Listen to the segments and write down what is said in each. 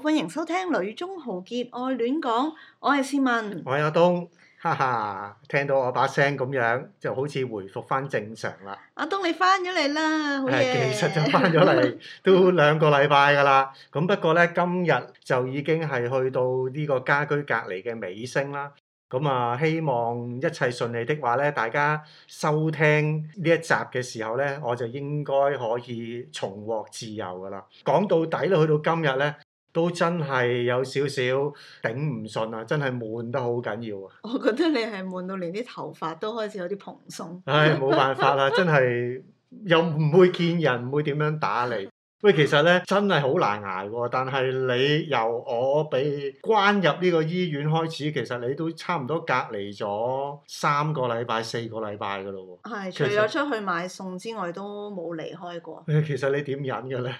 歡迎收聽《女中豪傑愛戀講》，我係思敏，我係阿東，哈哈，聽到我把聲咁樣，就好似回復翻正常啦。阿東你翻咗嚟啦，好耶！其實就翻咗嚟都兩個禮拜噶啦，咁不過咧今日就已經係去到呢個家居隔離嘅尾聲啦。咁啊，希望一切順利的話咧，大家收聽呢一集嘅時候咧，我就應該可以重獲自由噶啦。講到底咧，去到今日咧。都真係有少少頂唔順啊！真係悶得好緊要啊！我覺得你係悶到連啲頭髮都開始有啲蓬鬆。 唉，冇辦法啦，真係又唔會見人，唔會點樣打你。喂，其實咧真係好難捱喎，但係你由我被關入呢個醫院開始，其實你都差唔多隔離咗三個禮拜、四個禮拜噶咯。係，除咗出去買餸之外，都冇離開過。其實你點忍嘅咧？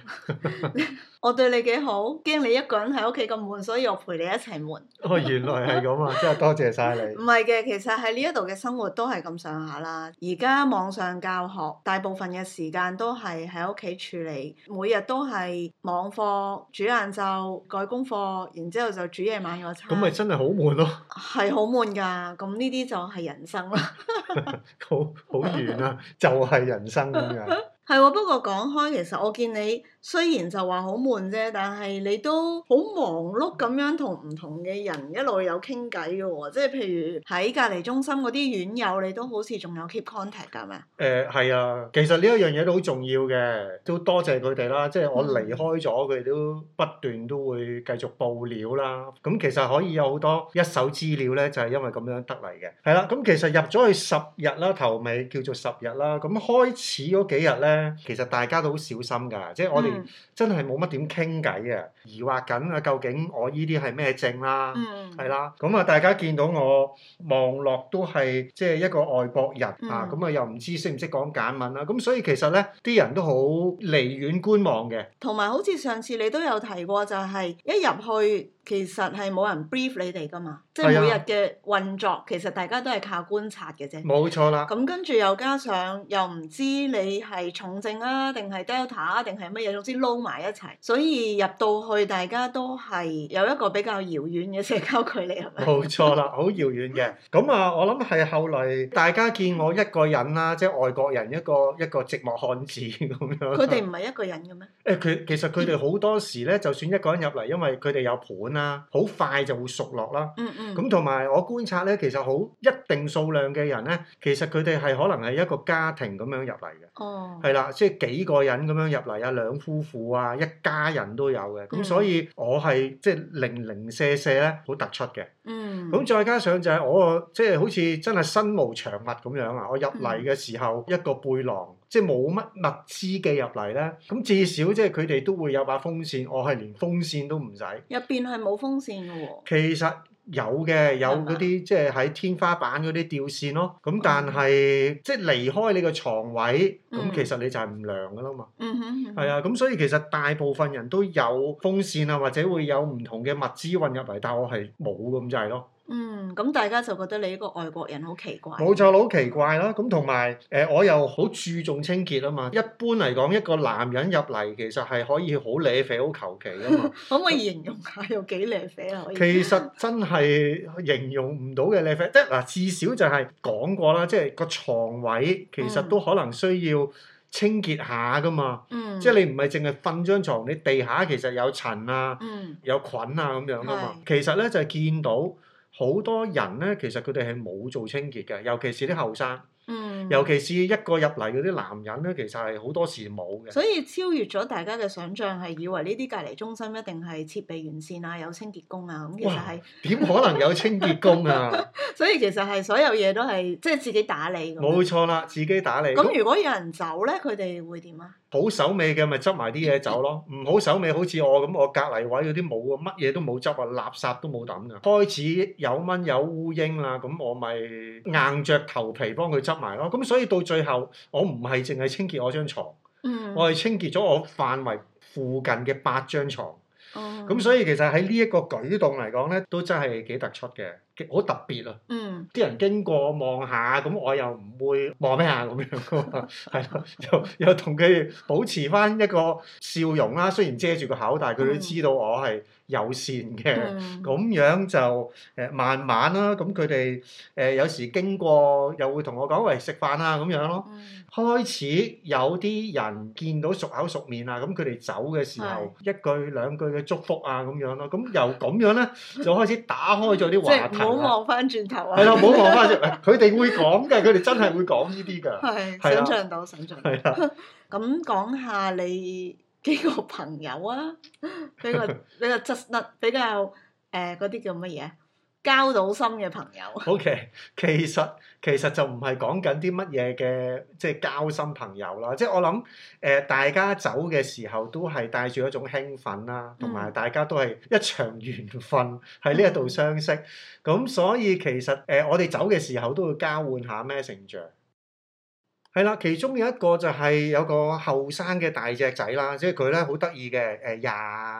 我對你幾好，驚你一個人喺屋企咁悶，所以我陪你一齊悶。哦，原來係咁啊！真係多謝晒你。唔係嘅，其實喺呢一度嘅生活都係咁上下啦。而家網上教學，大部分嘅時間都係喺屋企處理每。每日都係網課、煮晏晝、改功課，然之後就煮夜晚個餐。咁咪真係好悶咯，係好悶噶。咁呢啲就係人生啦 好好遠啊， 就係人生咁樣。 係喎， 不過講開，其實我見你雖然就話好悶啫，但係你都好忙碌咁樣同唔同嘅人一路有傾偈嘅喎，即係譬如喺隔離中心嗰啲院友，你都好似仲有 keep contact 㗎咩？誒係、呃、啊，其實呢一樣嘢都好重要嘅，都多謝佢哋啦。嗯、即係我離開咗，佢哋都不斷都會繼續報料啦。咁、嗯嗯、其實可以有好多一手資料咧，就係、是、因為咁樣得嚟嘅。係啦，咁、嗯、其實入咗去十日啦，頭尾叫做十日啦。咁開始嗰幾日咧。其實大家都好小心㗎，即係我哋真係冇乜點傾偈啊，嗯、疑惑緊啊，究竟我依啲係咩症啦？係啦，咁啊，嗯、大家見到我望落都係即係一個外國人、嗯、啊，咁啊又唔知識唔識講簡文啦、啊，咁所以其實咧，啲人都好離遠觀望嘅。同埋好似上次你都有提過、就係，就係一入去。其實係冇人 brief 你哋㗎嘛，即係每日嘅運作，啊、其實大家都係靠觀察嘅啫。冇錯啦。咁、嗯、跟住又加上又唔知你係重症啊，定係 Delta 啊，定係乜嘢，總之撈埋一齊，所以入到去大家都係有一個比較遙遠嘅社交距離，係咪？冇錯啦，好遙遠嘅。咁 啊，我諗係後來大家見我一個人啦， 即係外國人一個一個寂寞漢子咁樣。佢哋唔係一個人嘅咩？誒，佢其實佢哋好多時咧，就算一個人入嚟，因為佢哋有盤。啊，好快就會熟落啦。嗯嗯。咁同埋我觀察咧，其實好一定數量嘅人咧，其實佢哋係可能係一個家庭咁樣入嚟嘅。哦。係啦，即係幾個人咁樣入嚟啊，兩夫婦啊，一家人都有嘅。咁、嗯、所以我係即係零零舍舍咧，好突出嘅。嗯。咁再加上就係我即係好似真係身無長物咁樣啊。我入嚟嘅時候一個背囊、嗯。嗯即係冇乜物資寄入嚟咧，咁至少即係佢哋都會有把風扇，我係連風扇都唔使。入邊係冇風扇嘅喎、哦。其實有嘅，有嗰啲吧即係喺天花板嗰啲吊扇咯。咁、嗯、但係即係離開你個床位，咁、嗯、其實你就係唔涼嘅啦嘛。嗯哼，嗯哼。係啊，咁所以其實大部分人都有風扇啊，或者會有唔同嘅物資運入嚟，但係我係冇咁就係咯。嗯，咁、嗯、大家就覺得你一個外國人好奇怪。冇錯，好奇怪啦。咁同埋誒，我又好注重清潔啊嘛。一般嚟講，一個男人入嚟其實係可以好瀨啡、好求其噶嘛。 可唔可以形容下又幾瀨啡啊？可以。其實真係形容唔到嘅瀨啡。得嗱，至少就係講過啦，即係個床位其實都可能需要清潔下噶嘛。嗯、即係你唔係淨係瞓張床，你地下其實有塵啊，嗯、有菌啊咁樣啊嘛。是其實咧就係、是、見到。好多人咧，其實佢哋係冇做清潔嘅，尤其是啲後生，嗯、尤其是一個入嚟嗰啲男人咧，其實係好多時冇嘅。所以超越咗大家嘅想像，係以為呢啲隔離中心一定係設備完善啊，有清潔工啊，咁其實係點可能有清潔工啊？ 所以其實係所有嘢都係即係自己打理。冇錯啦，自己打理。咁如果有人走咧，佢哋會點啊？好手尾嘅咪執埋啲嘢走咯，唔好手尾好似我咁，我隔離位嗰啲冇乜嘢都冇執啊，垃圾都冇抌噶。開始有蚊有烏蠅啦，咁我咪硬着頭皮幫佢執埋咯。咁所以到最後，我唔係淨係清潔我張床，嗯、我係清潔咗我範圍附近嘅八張床。咁、哦、所以其實喺呢一個舉動嚟講呢，都真係幾突出嘅。好特別啊！啲、嗯、人經過望下，咁我又唔會望咩啊咁樣啊，係 咯，又又同佢保持返一個笑容啦、啊。雖然遮住個口，但係佢都知道我係，嗯友善嘅，咁樣就誒慢慢啦。咁佢哋誒有時經過又會同我講，喂食飯啊咁樣咯。開始有啲人見到熟口熟面啊，咁佢哋走嘅時候一句兩句嘅祝福啊咁樣咯。咁由咁樣咧就開始打開咗啲話題。即係唔好望翻轉頭啊！係啦，唔好望翻轉頭。佢哋會講嘅，佢哋真係會講呢啲㗎。係。想象到，想象到。咁講下你。幾個朋友啊，比較比較質粒，比較誒嗰啲叫乜嘢？交到心嘅朋友。O、okay, K，其實其實就唔係講緊啲乜嘢嘅，即係交心朋友啦。即係我諗誒、呃，大家走嘅時候都係帶住一種興奮啦，同埋大家都係一場緣分喺呢一度相識。咁、嗯、所以其實誒、呃，我哋走嘅時候都會交換下咩成長。係啦，其中有一個就係有個後生嘅大隻仔啦，即係佢咧好得意嘅，誒廿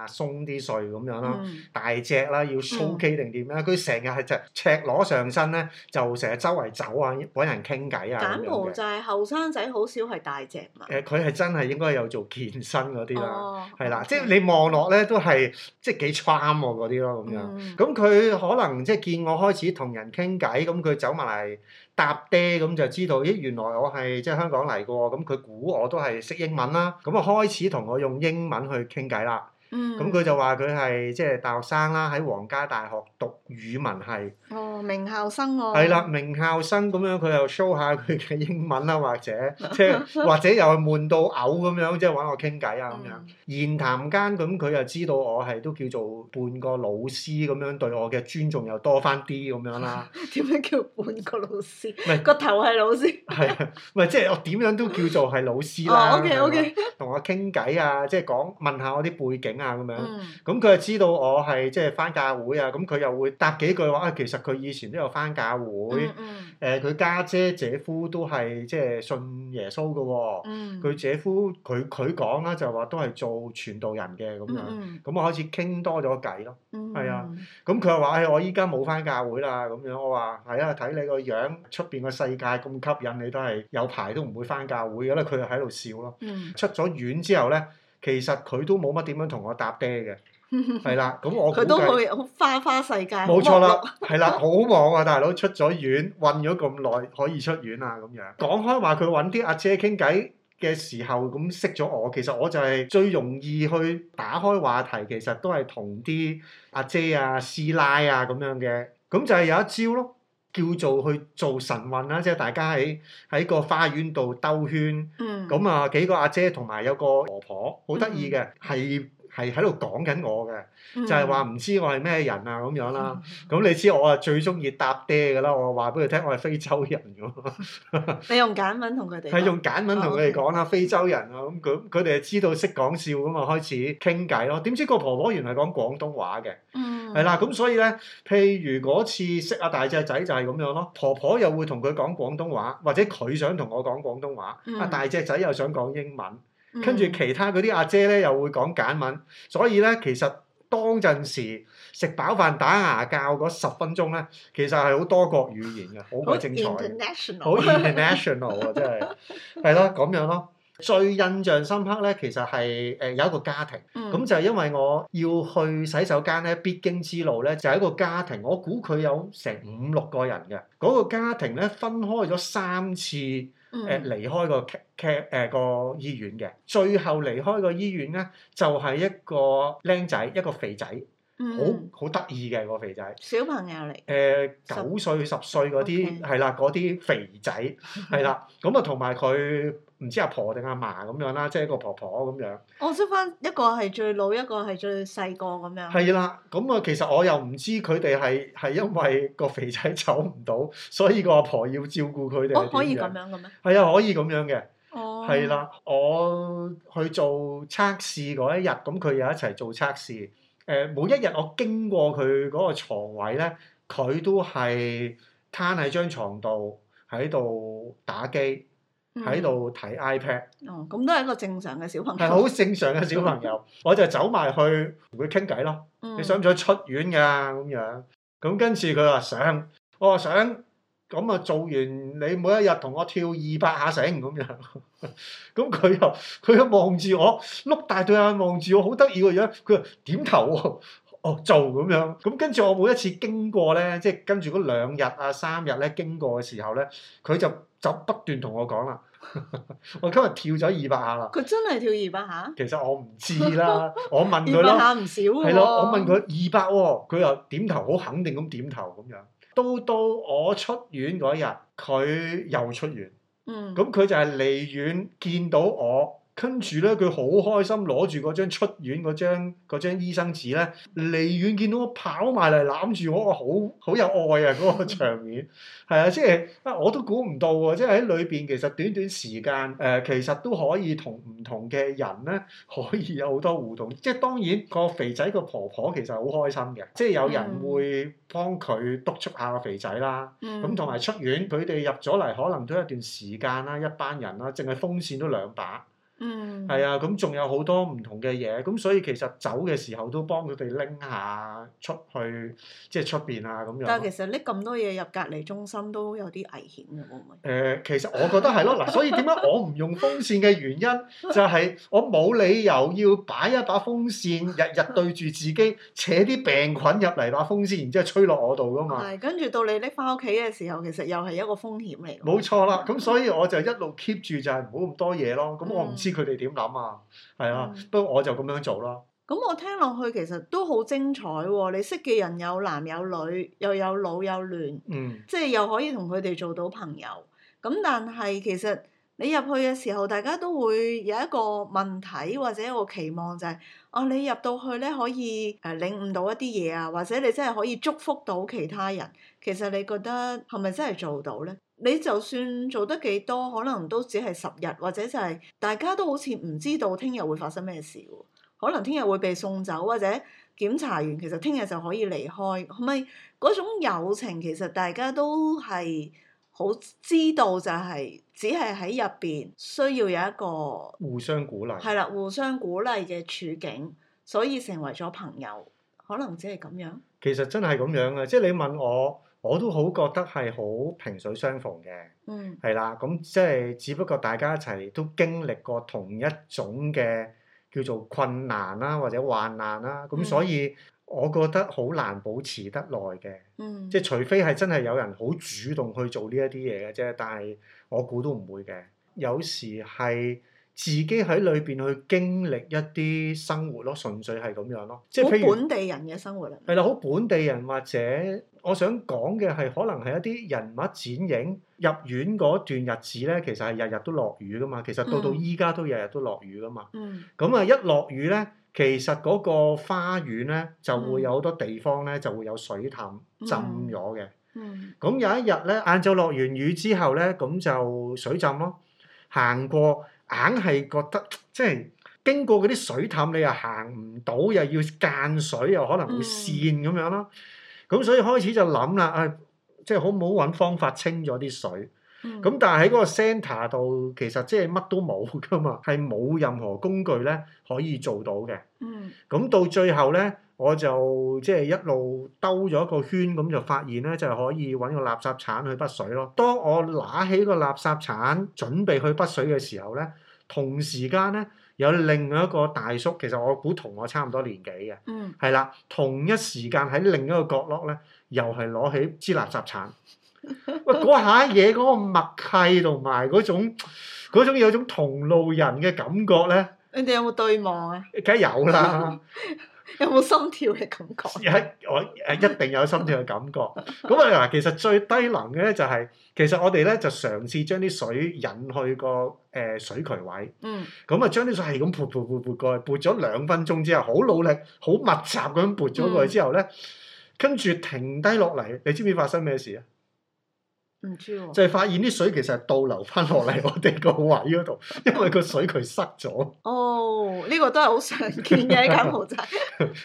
鬆啲歲咁樣啦，嗯、大隻啦，要粗肌定點啊？佢成日係隻赤裸上身咧，就成日周圍走啊，揾人傾偈啊。柬埔寨係後生仔好少係大隻嘛。誒、呃，佢係真係應該有做健身嗰啲啦，係啦，即係你望落咧都係即係幾 trim 喎嗰啲咯咁樣。咁佢、嗯嗯、可能即係見我開始同人傾偈，咁佢走埋嚟。搭爹咁就知道，咦，原來我係即係香港嚟嘅，咁佢估我都係識英文啦，咁啊開始同我用英文去傾偈啦。咁佢就話佢係即係大學生啦，喺皇家大學讀語文系。哦，名校生喎。係啦，名校生咁樣，佢又 show 下佢嘅英文啦、就是，或者即係或者又係悶到嘔咁樣，即係揾我傾偈啊咁樣。言談間咁佢又知道我係都叫做半個老師咁樣，對我嘅尊重又多翻啲咁樣啦。點樣 classified classified 叫半個老師？唔係個頭係老師。係、 啊，唔係即係我點樣都叫做係老師啦、 哦。OK OK，同我傾偈啊，即係講問下我啲背景。啊咁樣，咁佢係知道我係即係翻教會啊，咁佢又會答幾句話啊、哎，其實佢以前都有翻教會，誒佢家姐姐夫都係即係信耶穌噶、啊，佢、嗯、姐夫佢佢講啦就話都係做傳道人嘅咁樣，咁、嗯、我開始傾多咗偈咯，係、嗯、啊，咁佢又話誒我依家冇翻教會啦咁樣，我話係啊，睇你個樣，出面個世界咁吸引，你都係有排都唔會翻教會嘅啦，佢喺度笑咯，出咗院之後咧。其實佢都冇乜點樣同我搭爹嘅，係啦。 咁我佢 都會花花世界，冇錯啦。係啦， 好忙啊，大佬出咗院，困咗咁耐，可以出院啊咁樣。講開話佢揾啲阿姐傾偈嘅時候，咁識咗我，其實我就係最容易去打開話題。其實都係同啲阿姐啊、師奶啊咁樣嘅，咁就係有一招咯。叫做去做晨運啦，即係大家喺喺個花園度兜圈，咁啊、mm hmm. 幾個阿姐同埋有個婆婆，好得意嘅係。Mm hmm. 係喺度講緊我嘅，就係話唔知我係咩人啊咁樣啦。咁、mm hmm. 嗯、你知我啊最中意搭爹嘅啦。我話俾佢聽，我係非洲人咁。 你用簡文同佢哋講？係用簡文同佢哋講啦，Okay. 非洲人啊咁佢佢哋係知道識講笑咁啊開始傾偈咯。點知個婆婆原來講廣東話嘅，係、mm hmm. 啦咁所以咧，譬如嗰次識阿大隻仔就係咁樣咯。婆婆又會同佢講廣東話，或者佢想同我講廣東話，阿、mm hmm. 大隻仔又想講英文。跟住、嗯、其他嗰啲阿姐咧，又會講簡文，所以咧，其實當陣時食飽飯打牙鉸嗰十分鐘咧，其實係好多國語言嘅，好 精彩， 好 international 啊，真係係咯咁樣咯。最印象深刻咧，其實係誒、呃、有一個家庭，咁、嗯、就係因為我要去洗手間咧，必經之路咧，就係、是、一個家庭，我估佢有成五六個人嘅嗰、那個家庭咧，分開咗三次誒離、呃呃、開個。劇誒、呃、個醫院嘅，最後離開個醫院咧，就係、是、一個僆仔，一個肥仔，好好得意嘅個肥仔。小朋友嚟。誒，九歲十歲嗰啲係啦，嗰啲肥仔係啦，咁啊同埋佢唔知阿婆定阿嫲咁樣啦，即、就、係、是、一個婆婆咁樣。我識翻一個係最老，一個係最細個咁樣。係啦，咁啊，其實我又唔知佢哋係係因為個肥仔走唔到，所以個阿婆要照顧佢哋。我、哦、可以咁樣嘅咩？係啊，可以咁樣嘅。係啦，嗯、我去做測試嗰一日，咁佢又一齊做測試。誒、呃，每一日我經過佢嗰個床位咧，佢都係攤喺張床度喺度打機，喺度睇 iPad、嗯。哦、嗯，咁、嗯、都係一個正常嘅小朋友。係好正常嘅小朋友，嗯、我就走埋去同佢傾偈咯。嗯、你想唔想出院㗎、啊？咁樣，咁、嗯嗯、跟住佢話想，我話想。咁啊，做完你每一日同我跳二百下繩咁樣，咁 佢、嗯、又佢又望住我，碌大對眼望住我，好得意個樣。佢又點頭喎，哦做咁樣。咁跟住我每一次經過咧，即係跟住嗰兩日啊三日咧經過嘅時候咧，佢就就不斷同我講啦。 我今日跳咗二百下啦。佢真係跳二百下？其實我唔知啦，我問佢咯、哦。二百下唔少喎。係咯，我問佢二百喎，佢又點頭，好肯定咁點頭咁樣。到到我出院嗰日，佢又出院。嗯，咁佢就係離遠見到我。跟住咧，佢好開心，攞住嗰張出院嗰張嗰張醫生紙咧，離院見到我跑埋嚟攬住我，個好好有愛啊！嗰、嗰個場面，係啊， 即係啊，我都估唔到喎！即係喺裏邊，其實短短時間，誒、呃，其實都可以同唔同嘅人咧，可以有好多互動。即係當然、個肥仔個婆婆其實好開心嘅，即係有人會幫佢督促下個肥仔啦。咁同埋出院，佢哋入咗嚟，可能都一段時間啦，一班人啦，淨係風扇都兩把。嗯，係啊，咁、嗯、仲有好多唔同嘅嘢，咁、嗯、所以其實走嘅時候都幫佢哋拎下出去，即係出邊啊咁樣。但係其實拎咁多嘢入隔離中心都有啲危險嘅，我唔會，誒、嗯，其實我覺得係咯，嗱， 所以點解我唔用風扇嘅原因就係我冇理由要擺一把風扇日日對住自己扯啲病菌入嚟，把風扇，然之後吹落我度噶嘛。係、嗯，跟住到你拎翻屋企嘅時候，其實又係一個風險嚟。冇錯啦，咁、嗯、 所以我就一路 keep 住就係唔好咁多嘢咯。咁我唔。知佢哋點諗啊？係啊，不過我就咁樣做咯。咁、嗯、我聽落去其實都好精彩喎、哦！你識嘅人有男有女，又有老有嫩，嗯，即係又可以同佢哋做到朋友。咁但係其實你入去嘅時候，大家都會有一個問題或者一個期望就係、是：哦，你入到去咧可以誒領悟到一啲嘢啊，或者你真係可以祝福到其他人。其實你覺得係咪真係做到咧？你就算做得幾多，可能都只係十日，或者就係大家都好似唔知道聽日會發生咩事，可能聽日會被送走，或者檢查完，其實聽日就可以離開，係咪嗰種友情其實大家都係好知道就係只係喺入邊需要有一個互相鼓勵，係啦，互相鼓勵嘅處境，所以成為咗朋友，可能只係咁樣，其實真係咁樣啊！即係你問我。我都好覺得係好萍水相逢嘅，係啦、嗯，咁即係只不過大家一齊都經歷過同一種嘅叫做困難啦、啊、或者患難啦、啊，咁所以我覺得好難保持得耐嘅，嗯、即係除非係真係有人好主動去做呢一啲嘢嘅啫，但係我估都唔會嘅，有時係。自己喺裏邊去經歷一啲生活咯，純粹係咁樣咯，即係譬如本地人嘅生活啦。係啦，好本地人或者我想講嘅係可能係一啲人物剪影入院嗰段日子咧，其實係日日都落雨噶嘛。其實到到依家都日日都落雨噶嘛。嗯。咁啊，一落雨咧，其實嗰個花園咧就會有好多地方咧就會有水氹浸咗嘅。嗯。咁、嗯、有一日咧，晏晝落完雨之後咧，咁就水浸咯，行過。硬係覺得即係經過嗰啲水氹，你又行唔到，又要間水又可能會跣咁、嗯、樣咯。咁所以開始就諗啦，啊、哎、即係好唔好揾方法清咗啲水？咁、嗯、但係喺嗰個 centre 度，其實即係乜都冇㗎嘛，係冇任何工具咧可以做到嘅。咁、嗯、到最後咧。我就即係一路兜咗一個圈，咁就發現咧，就可以揾個垃圾鏟去撥水咯。當我攞起個垃圾鏟準備去撥水嘅時候咧，同時間咧有另外一個大叔，其實我估同我差唔多年紀嘅，嗯，係啦，同一時間喺另一個角落咧，又係攞起支垃圾鏟。 喂，嗰下嘢嗰個默契同埋嗰種嗰種有種同路人嘅感覺咧，你哋有冇對望啊？梗係有啦。 有冇心跳嘅感覺？我誒，一定有心跳嘅感覺。咁啊，其實最低能嘅咧就係、是，其實我哋咧就嘗試將啲水引去，個誒、呃、水渠位。嗯。咁啊，將啲水係咁潑潑潑潑過去。潑咗兩分鐘之後，好努力，好密集咁潑咗過去之後咧，跟住，嗯、停低落嚟，你知唔知發生咩事啊？唔知就係發現啲水其實係倒流翻落嚟我哋個位嗰度，因為個水渠塞咗。 哦，呢個都係好常見嘅，金毛仔。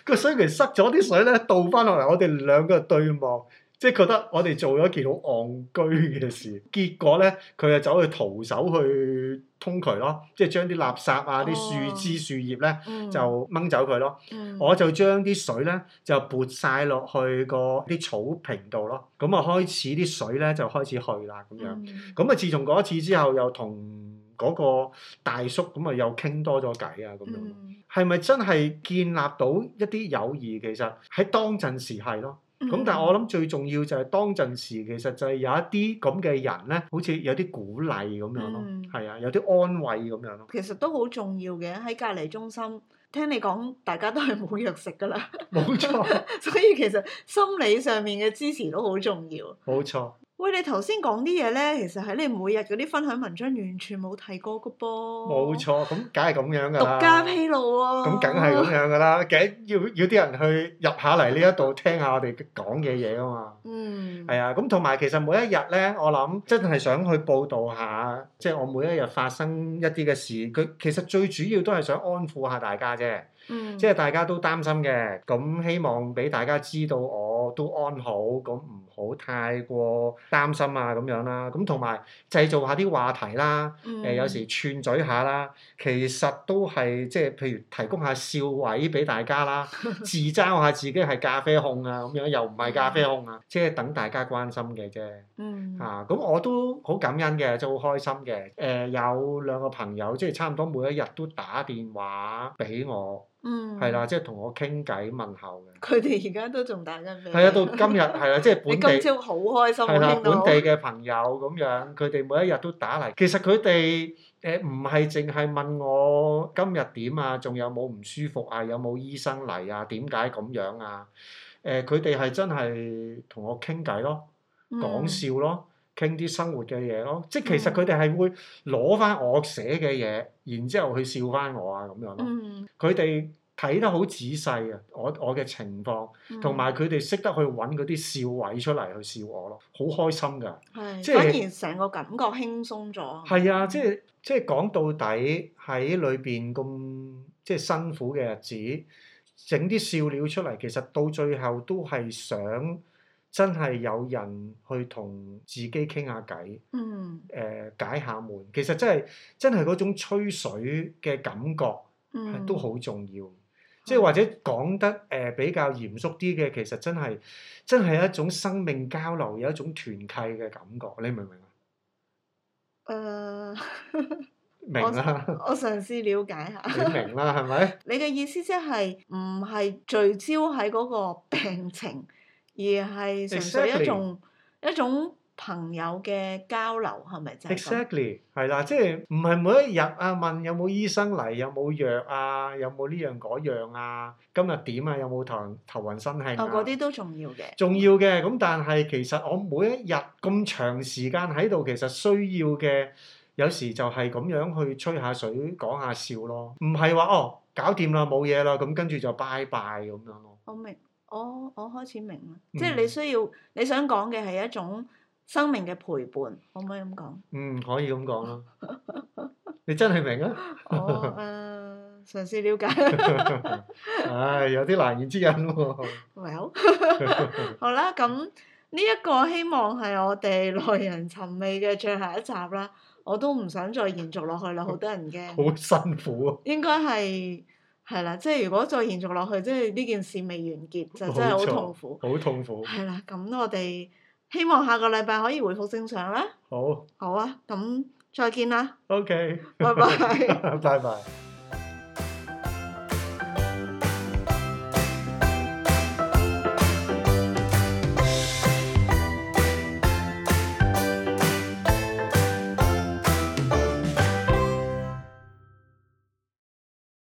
個水渠塞咗啲水咧，倒翻落嚟我哋兩個對望。即係覺得我哋做咗一件好戇居嘅事，結果咧佢就走去徒手去通渠咯，即係將啲垃圾啊、啲、哦、樹枝樹葉咧、嗯、就掹走佢咯。嗯、我就將啲水咧就撥晒落去個啲草坪度咯。咁啊開始啲水咧就開始去啦咁樣。咁啊、嗯、自從嗰次之後，又同嗰個大叔咁啊又傾多咗偈啊咁樣。係咪真係建立到一啲友誼？其實喺當陣時係咯。咁、嗯、但係我諗最重要就係當陣時，其實就係有一啲咁嘅人咧，好似有啲鼓勵咁樣咯，係啊、嗯，有啲安慰咁樣咯。其實都好重要嘅，喺隔離中心聽你講，大家都係冇藥食㗎啦。冇錯。 所以其實心理上面嘅支持都好重要。冇錯。喂，你頭先講啲嘢咧，其實喺你每日嗰啲分享文章完全冇提過嘅噃。冇錯，咁梗係咁樣噶啦。獨家披露喎啊。咁梗係咁樣噶啦，梗要要啲人去入下嚟呢一度聽下我哋講嘅嘢啊嘛。嗯。係啊，咁同埋其實每一日咧，我諗真係想去報導下，即係我每一日發生一啲嘅事。佢其實最主要都係想安撫下大家啫。嗯。即係大家都擔心嘅，咁希望俾大家知道我。都安好，咁唔好太過擔心啊咁樣啦。咁同埋製造下啲話題啦，誒有時串嘴下啦，其實都係即係譬如提供下笑位俾大家啦，自嘲下自己係咖啡控啊咁樣，又唔係咖啡控啊，即係等大家關心嘅啫。嚇，咁我都好感恩嘅，即係好開心嘅。誒有兩個朋友即係差唔多每一日都打電話俾我。嗯，係啦，即係同我傾偈問候嘅。佢哋而家都仲打緊面。係啊，到今日係啦，即係本地。 你今朝好開心，的聽到。係啦，本地嘅朋友咁樣，佢哋每一日都打嚟。其實佢哋誒唔係淨係問我今日點啊？仲有冇唔舒服啊，有冇醫生嚟啊，點解咁樣啊？誒、呃，佢哋係真係同我傾偈咯，講笑咯。嗯傾啲生活嘅嘢咯，即係其實佢哋係會攞翻我寫嘅嘢，然之後去笑翻我啊咁樣咯。佢哋睇得好仔細啊，我我嘅情況，同埋佢哋識得去揾嗰啲笑位出嚟去笑我咯，好開心㗎。係是，即係是。反而成個感覺輕鬆咗。係啊，嗯、即係即係講到底喺裏邊咁即係辛苦嘅日子，整啲笑料出嚟，其實到最後都係想。真係有人去同自己傾下偈，嗯，誒、呃、解下悶。其實真係真係嗰種吹水嘅感覺，都好重要。嗯、即係或者講得誒、呃、比較嚴肅啲嘅，其實真係真係一種生命交流，有一種團契嘅感覺。你明唔、呃、 明啊？誒，明啦。我嘗試了解下。 你明啦？係咪？你嘅意思即係唔係聚焦喺嗰個病情？而係純粹一種一種朋友嘅交流，係咪？Exactly，係啦，即係唔係每一日啊，問有冇醫生嚟，有冇藥啊？有冇呢樣嗰樣啊？今日點啊？有冇頭頭暈身㷫啊？哦，嗰啲都重要嘅。重要嘅，咁但係其實我每一日咁長時間喺度，其實需要嘅有時就係咁樣去吹下水、講下笑咯。唔係話哦，搞掂啦，冇嘢啦，咁跟住就拜拜咁樣咯。我明。我我開始明即係你需要你想講嘅係一種生命嘅陪伴，可唔可以咁講？嗯，可以咁講咯。 你真係明啊？哦 ，呃，嘗試了解唉 ，哎，有啲難言之隱喎，啊。Well, 好啦，咁呢一個希望係我哋耐人尋味嘅最後一集啦。我都唔想再延續落去啦，好多人驚。 好辛苦啊！應該係。係啦，即係如果再延續落去，即係呢件事未完結，就真係好痛苦。好痛苦。係啦，咁我哋希望下個禮拜可以回復正常啦。好。好啊，咁再見啦。OK。拜拜。 拜拜。